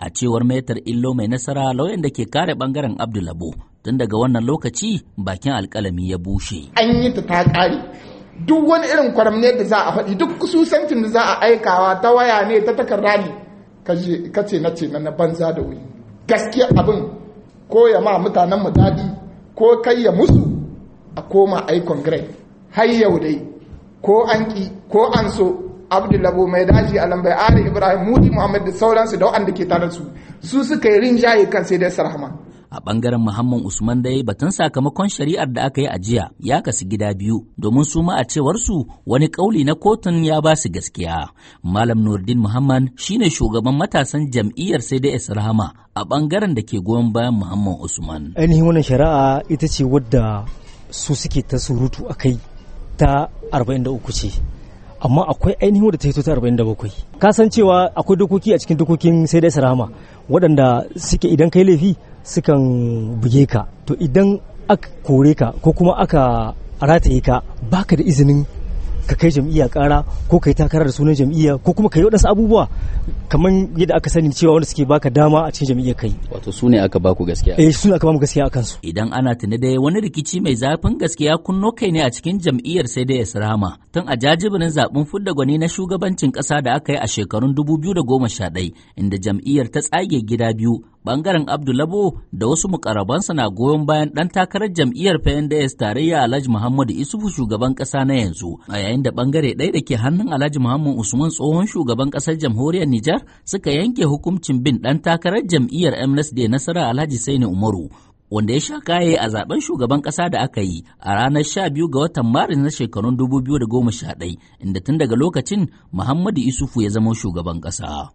a cewar metar illo mai nasara lauyan da ke kare bangaren abdulabo tun daga wannan lokaci bakin alkalami ya bushe an yi ta ta kare duk wani irin kwaramne da za a faɗi duk kususancin da za a aikawa ta waya ne ta takarda ne ka ce na ce na banza da wuri gaskiya abin ko ya ma mutanen mu daɗi ko kai ya musu a koma aikon grai har yau dai ko an ki ko an so abdullabo mai daji a lambai ari ibrahim mudi muhammad da sauransu da wanda ke tare su su suka yi rinjaye kan sai dai sarhama a bangaren muhammad usman dai batun sakamakon shari'ar da aka yi a jiya ya kasu gida biyu domin su a cewar su wani kauli na kotun ya ba su gaskiya malam nurdin muhammad shine shugaban matasan jam'iyyar sai dai sarhama a bangaren da ke goyon bayan muhammad usman ainihin wannan shari'a ita ce wadda su suke ta surutu a kai ta 43 ce amma akwai ainihin wadda ta hito ta 47 ka san cewa akwai dokoki a cikin dokokin sai dai sarama waɗanda suke idan kai laifi sukan buge ka to idan aka kore ka ko kuma aka rataye ka baka da izinin ka kai jam'iyya kara ko kai takara da sunan jam'iyya ko kuma kai waɗansu abubuwa kamar yadda aka sani cewa wanda suke baka dama a cikin jam'iyyar kai wato su ne aka baku gaskiya eh su ne aka bamu gaskiya akan su idan ana tuni da wani rikici mai zafin gaskiya kunno kai ne a cikin jam'iyyar sai da Israma tun a jajibirin zaben fudda gwani na shugabancin kasa da aka yi a shekarun 2011 inda jam'iyyar ta tsage gida biyu bangaren Abdulabo da wasu mukarabansa na goyon bayan ɗan takarar jam'iyyar PNDS tarayya Alhaji Muhammadu Isufu shugaban ƙasa na yanzu a yayin da bangare ɗaya da ke hannun Alhaji Muhammad Usman tsohon shugaban ƙasar jamhuriyar Nijar suka yanke hukuncin bin ɗan takarar jam'iyyar MNSD Nasara Alhaji Saini Umaru wanda ya sha kaye a zaben shugaban ƙasa da aka yi a ranar 12 ga watan maris na shekarun 2011 inda tun daga lokacin muhammadu isufu ya zama shugaban ƙasa.